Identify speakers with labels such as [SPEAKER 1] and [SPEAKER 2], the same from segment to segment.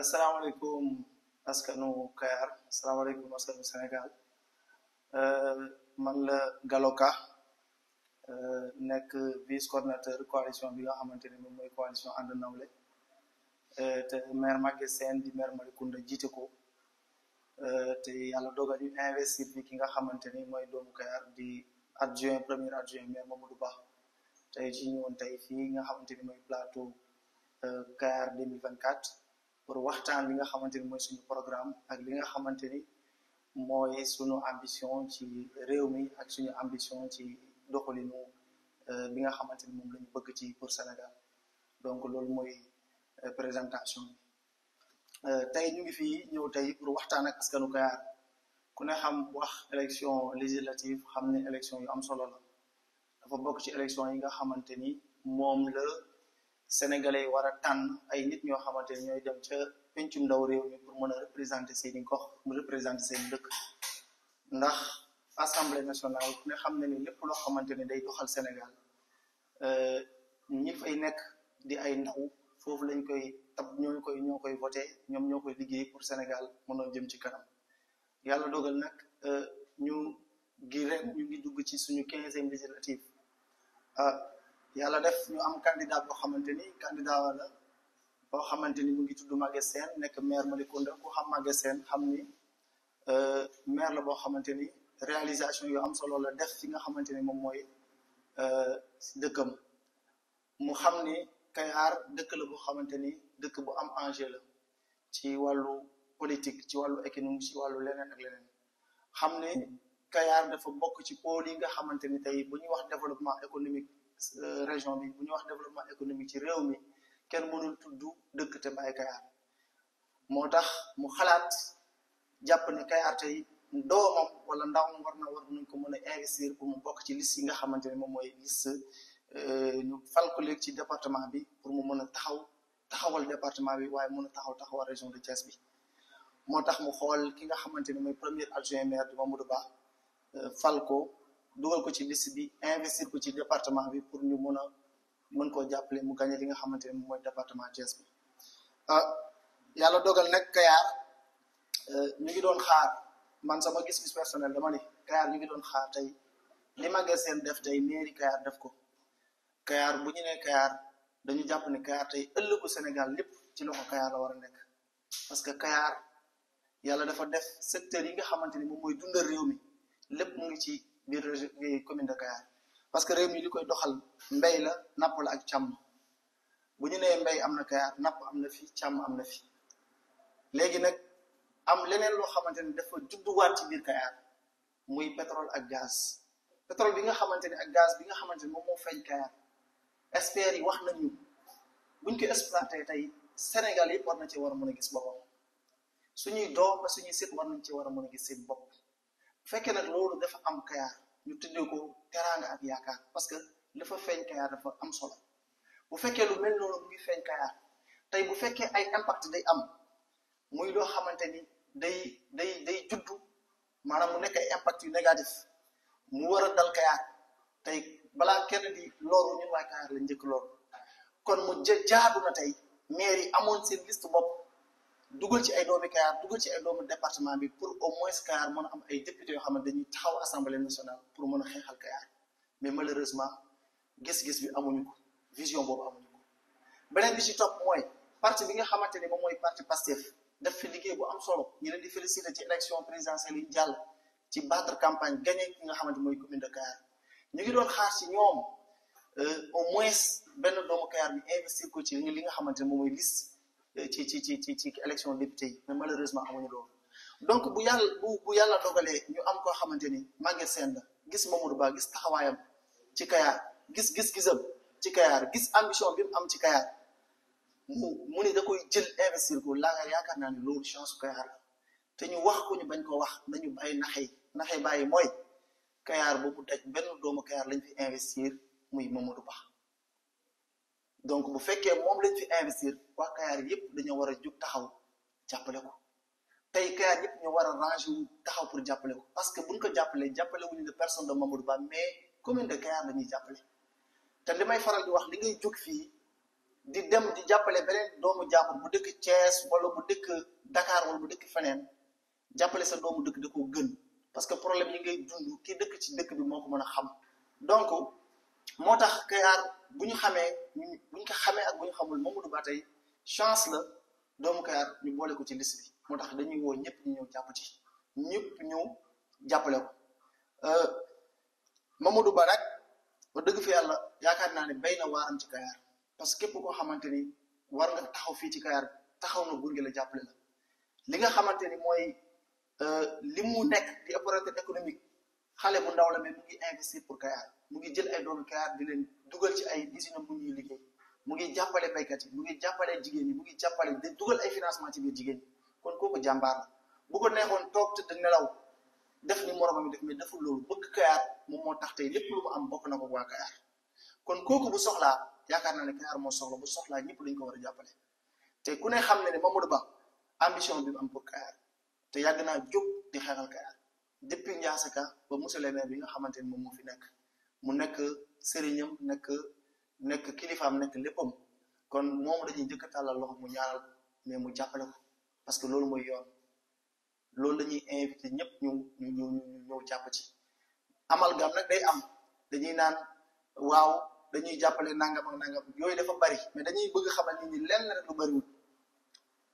[SPEAKER 1] asalaamaaleykum euh, askanu Kayar asalaamaaleykum askanu Sénégal euh, man la Galoka euh, nekk vice coordinateur coalition bi nga xamante ne moom mooy coalition ànd nawle te maire Maguette Sène di maire Malicounda jiite ko te yàlla dogal ñu investir bi ki nga xamante ni mooy doon Kayar di adjoint premier adjoint maire Mamadou Ba tey jii ñëwoon te fii nga xamante ni mooy plateau Kayar 2024 pour waxtaan li nga xamante ni mooy suñu programme ak li nga xamante ni mooy suñu ambition ci réew mi ak suñu ambition ci doxalinu bi euh, nga xamante ni moom la ñu bëgg ci pour Sénégal donc loolu mooy euh, présentation bi euh, tey ñu ngi fi ñëw tey pour waxtaan ak askanu Kayar ku ne xam wax élection législative xam ne élection yu am solo la dafa bokk ci élection yi nga xamante ni moom la sénégalais yi war a tànn ay nit ñoo xamante ni ñooy dem ca pencum ndaw réew mi pour mën a représenter seeni gox mu représenter seeni dëkk ndax assemblée nationale ku ne xam na ni lépp loo xamante ne day doxal Sénégal euh, ñi fay nekk di ay ndaw foofu lañ koy tab ñoo koy ñoo koy voté ñoom ñoo koy liggéey pour Sénégal mënoon jëm ci kanam yàlla dogal nag euh, ñu gi ren ñu ngi dugg ci suñu quinzième seen ah yalla def ñu am candidat bo xamanteni candidat wala bo xamanteni mu ngi tuddu magge sen nek maire Malicounda ku xam magge sen xam ni euh, maire la bo xamanteni réalisation yu am solo la def fi nga xamante ni moom mooy euh, dëkkam mu xam ni Kayar dëkk la bo xamanteni ni bu am enjeu la ci walu politique ci walu économie ci walu leneen ak leneen xam ni Kayar dafa bok ci pôle yi nga xamanteni ni bu wax développement économique Euh, région bi bu ñu wax développement économique ci réew mi kenn mënul tudd dëkk te bàyyi Kayar moo tax mu xalaat jàpp ne Kayar tey doomam wala ndawam war na war nañ ko mën a investir pour mu bokk ci liste yi nga xamante ne moom mooy liste euh, ñu fal ko léegi ci département bi pour mu mën a taxaw taxawal département bi waaye mën a taxaw taxawal région de Thiès bi moo tax mu xool ki nga xamante ne mooy premier adjoint maire bi moom Mamadou Ba euh, fal ko dugal ko ci liste bi investir ko ci département bi pour ñu mun a mën koo jàppale mu gagné li nga xamante ne mooy département Thiès bi ah yàlla dogal nag Kayar euh, ñu ngi doon xaar man sama gis-gis personnel dama ne Kayar ñu ngi doon xaar tey li magasin def tey mairie Kayar def ko Kayar bu ñu ne Kayar dañu jàpp ni Kayar tey ëllëgu Sénégal lépp ci loxo Kayar la war a nekk parce que Kayar yàlla dafa def secteur yi nga xamante ni moom mooy dundal réew mi lépp ngi ci. biir commune de Kayar parce que réew mi li koy doxal mbéy la napp la ak càmm bu ñu nee mbéy am na Kayar napp am na fi càmm am na fi léegi nag am leneen loo xamante ni dafa judduwaat ci biir Kayar muy pétrole ak gaz pétrole bi nga xamante ni ak gaz bi nga xamante ni moom moo feeñ Kayar experts yi wax nañu buñ koy exploité tey Sénégal yëpp war na ci war a mun a gis boppam suñuy doom ba suñuy sët war nañ ci war a mën a gis seen bopp fekke nak lolu dafa am kaya ñu tuddé ko teranga ak yaakaar parce que la fa dafa am solo bu fekke lu mel lolu mu ngi feeñ kayaar bu fekke ay impact day am muy lo xamanteni day day day juddu manam mu nek ay impact yu négatif mu wara dal kayaar tay bala kenn di lolu ñu wa kayaar la ñëk lolu kon mu jaadu na tey yi seen liste bop dugal ci ay doomi Kayar dugal ci ay doomu département bi pour au moins Kayar mën a am ay député yoo xam ne dañuy taxaw assemblée nationale pour mën a xeexal Kayar mais malheureusement gis bi amuñu ko vision beneen bi ci topp parti bi nga xamante ni moom mooy parti Pastef def fi liggéey bu am solo ñu leen di féliciter ci élection présidentielle yi jàll ci battre campagne gagné ki nga xamante mooy commune de Kayar ñu ngi doon xaar ci ñoom euh, au moins benn doomu Kayar bi li nga xamante ne moom mooy liste. Euh, ci ci ci ci ci élection député yi mais malheureusement amuñu loolu donc bu yàlla bu bu yàlla dogalee ñu am koo xamante ni Maguette Sène la gis Mamadou Ba gis taxawaayam ci Kayar gis gis-gisam ci kayaar gis ambition bim am ci Kayar mu mu ni da koy jël investir ko laa yaakaar naa ni loolu chance su Kayar te ñu wax ko ñu bañ koo wax nañu bàyyi naxey naxey bàyyi mooy Kayar boobu daj benn doomu Kayar lañ fi investir muy Mamadou Ba donc bu fekkee moom lañ fi investir waa Kayar yëpp dañoo war a jug taxaw jàppale ko tey Kayar yëpp ñu war a ranger wu taxaw pour jàppale ko parce que buñ ko jàppalee jàppale wuñu la personne mais commune de Kayar la ñuy jàppale te li may faral di wax li ngay jug fii di dem di jàppale beneen doomu jàmbur bu dëkk Thiès wala bu dëkk Dakar bu dëkk feneen jàppale sa doomu dëkk da koo gën parce que problème yi ngay dund kii dëkk ci dëkk bi moo ko mën a xam donc motax tax kayaar bu ñu xamee ko xamé ak bu xamul momu du batay chance la doomu kayaar ñu bolé ko ci liste bi motax dañuy wo ñepp ñu japp ci ñepp ñëw jappalé ko euh, Mamadou Ba barak ba dëgg fi yalla yaakaar naa ne bay na waaram ci kayaar parce que képp koo xamante ni war nga taxaw fii ci kayaar taxaw na gunge la jàppale la li nga xamante ni mooy euh, li mu di opérateur économique xale bu ndaw la mais mu ngi investir pour kayaar mu ngi jël ay doomu kaar di leen dugal ci ay usine mu ñuy liggéey mu ngi jàppale baykat yi mu ngi jàppale jigéen yi mu ngi jàppale di dugal ay financement ci biir jigéen kon kooku jàmbaar la bu ko neexoon toog tëdd nelaw def ni moromam def mais deful loolu bëgg kaar moom moo tax tey lépp lu mu am bokk na ko waa kaar kon kooku bu soxlaa yaakaar naa ne kaar moo soxla bu soxlaa ñëpp lañ ko war a jàppale te ku ne xam ne ne Mamadou Ba ambition bi mu am pour kaar te yàgg naa jóg di xeexal kaar depuis Ndiassaka ba monsieur le maire bi nga xamante ni moom moo fi nekk mu nekk sëriñam nekk nekk kilifaam nekk léppam kon moom dañuy jëkk a tàllal loxo mu ñaaral mais mu jàppale ko parce que loolu mooy yoon loolu dañuy invité ñëpp ñu ñu ñu ñëw jàpp ci amalgam nag day am dañuy naan waaw dañuy jàppale nangam ak yooyu dafa bari mais dañuy bëgg xamal nit ñi lenn rek lu bariwul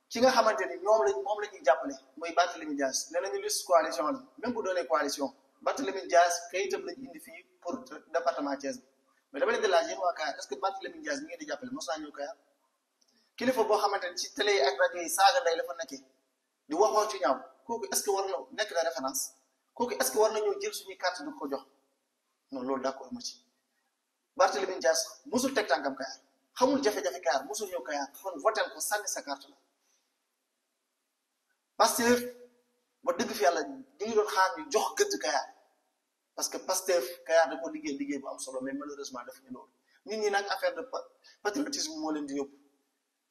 [SPEAKER 1] ci nga xamante ni ñoom lañ moom la ñuy jàppale mooy Barthélémy Dias nee nañu liste coalition même bu doonee coalition Barthélémy Dias kayitam lañ indi fii pour département Thiès mais dama leen di que Barthélémy kilifa boo xamante ne ci télé yi ak rajo yi saaga nday ci ñaaw kooku est-ce que war na nekk na référence kooku war na ñëw jël suñuy carte du ko jox non loolu d'accord ma ci Barthélémy Dias mosul teg tànkam Kayar xamul jafe-jafe Kayar mosul ñëw Kayar kon votel ko sànni sa carte la Pastef ba dëgg fi yàlla ñu ngi doon xaar bi jox gëdd Kayar parce que Pastef Kayar da ko liggéey liggéey bu am solo mais malheureusement defuñu loolu nit ñi nag affaire de patriotisme moo leen di yóbbu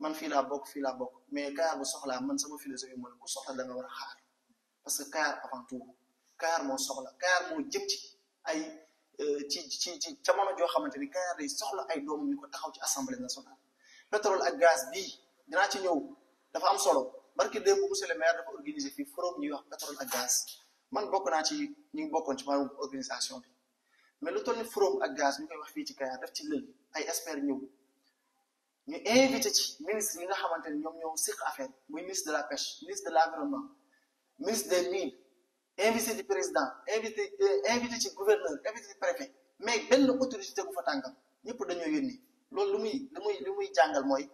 [SPEAKER 1] man fii laa bokk fii laa bokk mais Kayar bu soxlaa man sama philosophie moo la ku soxla da war a xaar parce que Kayar avant tout Kayar moo soxla Kayar moo jëm ci ay euh, ci ci ci jamono joo xamante ni Kayar day soxla ay doomu ñu ko taxaw ci assemblée nationale pétrole ak gaz bii dinaa ci ñëw dafa am solo barki démb monsieur le maire dafa fii forum ñuy wax pétrole man bokk naa ci ñu ngi bokkoon ci ma organisation bi mais lu toll ni forum ak gaz ñu koy wax fii ci Kayar daf ci lël ay experts ñëw ñu invité ci ministre yi nga xamante ni ñoom ñoo siq affaire muy ministre de la pêche ministre de l'environnement ministre des mines invité ci président invité euh, invité ci gouverneur invité ci préfet mais benn autorité bu fa tàngam ñëpp dañoo yónni loolu lu muy lu muy lu muy jàngal mooy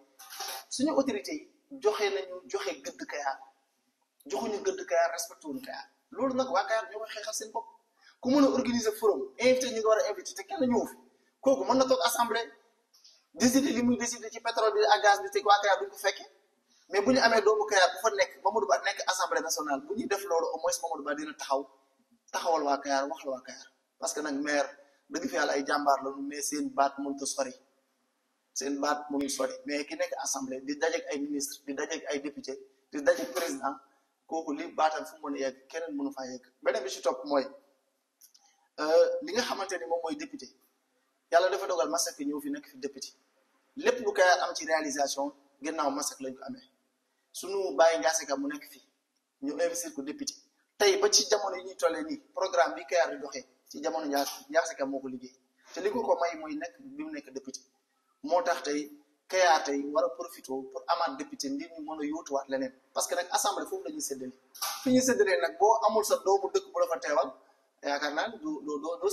[SPEAKER 1] suñu autorité yi joxe nañu joxe gëdd Kayar joxuñu gëdd Kayar respecté wuñu Kayar loolu nag waa Kayar ñoo ko xeexal seen bopp ku mën a organiser forum invité kenn ñëw fi kooku mën na toog assemblée li muy décider ci pétrole bi ak mais bu amee doomu Kayar bu fa nekk Mamadou Ba nekk assemblée nationale bu ñuy def loolu au moins Mamadou Ba dina taxaw taxawal waa Kayar wax la waa parce que nag maire dëgg fi yàlla ay jàmbaar la ñu mais seen baat mënut a sori seen baat mënul sori mais ki nekk assemblée di dajeeg ay ministre di dajeeg ay député di dajeeg président. kooku li baatam fu mu mën a yegg keneen mënu faa yegg beneen bi ci topp mooy euh, li nga xamante ni moom mooy député yàlla dafa dogal Masak ñëw fi nekk fi député lépp lu koy am ci ginnaaw Masak lañ amee sunu bàyyi Ndiassé Ka mu nekk fi ñu investir ko député tey ba ci jamono yi ñuy tollee nii programme bi Kayar di doxee ci jamono Ndiassé Ka moo ko liggéey te li ko ko may mooy nekk bi mu nekk député moo tax tey. kayaate yi war a profité pour amaat député ngir ñu mën a yóotuwaat leneen parce que nag assemblée foofu la ñuy séddale fi ñuy séddalee nag boo amul sa doomu dëkk bu naa doo doo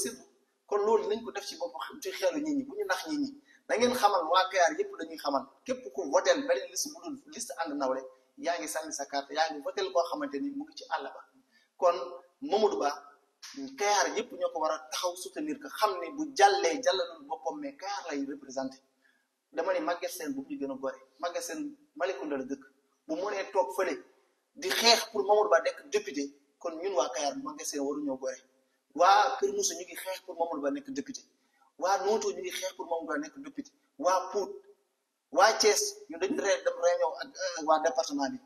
[SPEAKER 1] kon loolu nañ ko def ci bopp ci ñi bu ñu nax nit ngeen xamal waa Kayar yëpp la ñuy xamal képp ku votel beneen liste bu dul yaa ngi sànni sa carte yaa ngi votel koo xamante ni mu ngi ci àll ba kon Mamadou Ba Kayar yëpp ñoo ko war a taxaw soutenir ko xam ne bu jàllee jàllalul boppam mais Kayar lay représenté dama ne Maguette Sène bu ñu gën a gore Maguette Sène Malicounda la dëkk bu mënee toog fële di xeex pour Mamadou Ba nekk député kon ñun waa Kayar Maguette Sène waruñoo gore waa Kër Moussa ñu ngi xeex pour Ba nekk député waa Noto ñu ngi xeex pour Mamadou Ba nekk député waa waa Thiès ñun dañu ree dem réunion ak euh, waa département bi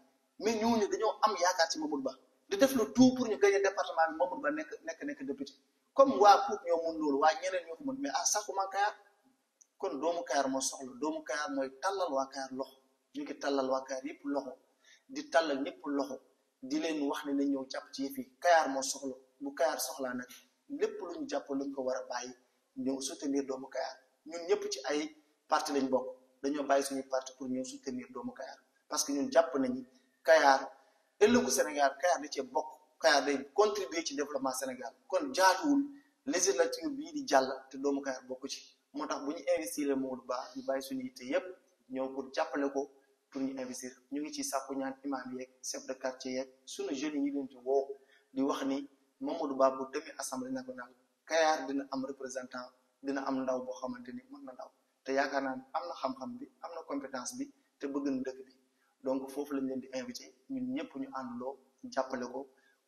[SPEAKER 1] mais ñu dañoo am yaakaar ci Mamadou Ba di def la tout pour ñu gagné département bi Mamadou Ba nekk nekk nekk député comme waa Pout ñoo mun loolu waa ñeneen ñoo ko mën mais ah saxuma Kayar kon doomu Kayar moo doomu Kayar mooy tàllal waa Kayar loxo ñu ngi tàllal waa Kayar yëpp loxo di tàllal ñëpp loxo di leen wax ne na ñëw jàpp ci yëf yi Kayar moo soxla bu Kayar soxlaa nag lépp lu ñu jàpp lañ ko war a bàyyi ñëw soutenir doomu Kayar ñun ñëpp ci ay parti lañ bokk dañoo bàyyi suñuy parti pour ñëw soutenir doomu Kayar parce que ñun jàpp nañu Kayar ëllëgu Sénégal Kayar da cee bokk Kayar day contribuer ci développement Sénégal kon jaaduwul législature bii di jàll te doomu Kayar bokk ci moo tax bu ñu investir le Modou baax ñu bàyyi suñu yitte yépp ñëw pour jàppale ko pour ñu investir ñu ngi ci sàkku ñaan imam yeeg chef de quartier yeeg suñu jeunes ñu leen di woo di wax ni Mamadou Ba bu demee assemblée nationale Kayar dina am représentant dina am ndaw boo xamante ni mën na ndaw te yaakaar naa ne am na bi am compétence bi te bëgg na dëkk donc foofu lañ leen di invité ñun ñëpp ñu ànduloo jàppale ko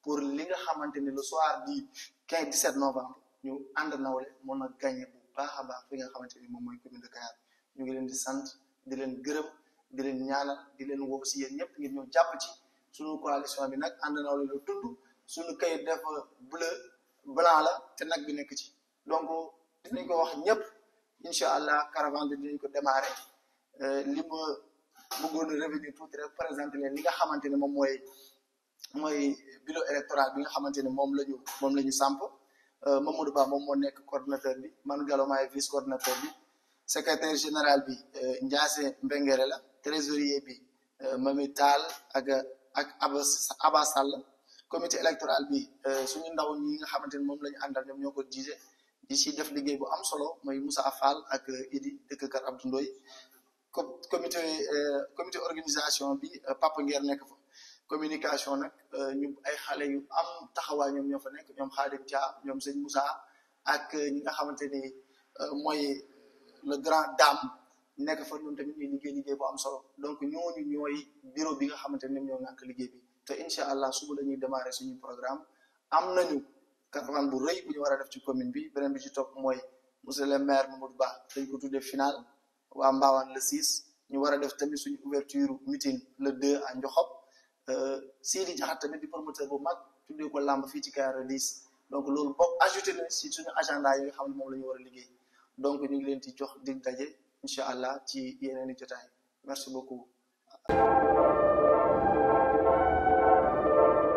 [SPEAKER 1] pour li nga xamante ni le soir du 15 17 novembre ñu ànd nawle mën a gagné ko. baax a baax fi nga xamante ni moom mooy commune de Kayar ñu ngi leen di sant di leen gërëm di leen ñaanal di leen woo si yéen ñëpp ngir ñëw jàpp ci suñu coalition bi nag ànd na la tudd suñu kayit dafa bleu blanc la te nag bi nekk ci donc dinañ ko wax ñëpp incha allah caravane bi dinañ ko démarré euh, li ma bëggoon a revenir tuuti rek présenté leen li nga xamante ne moom mooy mooy bureau électoral bi nga xamante ne moom la ñu moom la ñu samp Euh, Mamadou Ba moom moo nekk coordonnateur bi man Gallo maay vice bi secrétaire général bi euh, Ndiassé Mbengere la trésorier bi euh, Mami Tall ak ak Aba Aba Sall comité électoral bi suñu ndaw ñi nga xamante ni moom lañu ñu àndal ñoom ñoo ko jiite di ci def liggéey bu am solo mooy Moussa Fall ak Idi dëkk Kër Abdou Ndoye comité organisation bi Papa Nguer nekk fa communication nag euh, ñu ay xale yu am taxawaay ñoom ñoo fa nekk ñoom Khadim Dia ñoom sëñ Moussa ak ñi nga xamante ni euh, mooy le grand dame nekk fa ñun tamit ñuy liggéey liggéey bu am solo donc ñooñu ñooy bureau bi nga xamante ni ñoo nàkk liggéey bi te incha allah suba la ñuy démarrer suñu programme am nañu caravane bu rëy bu ñu war a def ci commune bi beneen bi ci topp mooy monsieur le maire Mamadou Ba dañ ko tuddee final waa Mbawane le 6 ñu war a def tamit suñu ouverture meeting le 2 à Ndiokhop. Euh, Sidi Diakhat tamit di promoteur bu mag tuddee ko làmb fii ci Kayar 10 donc loolu bokk ajouté na si suñu agenda yi nga xam ne moom la ñu war a liggéey donc ñu ngi leen di jox di daje incha allah ci yeneen i jotaay merci beaucoup.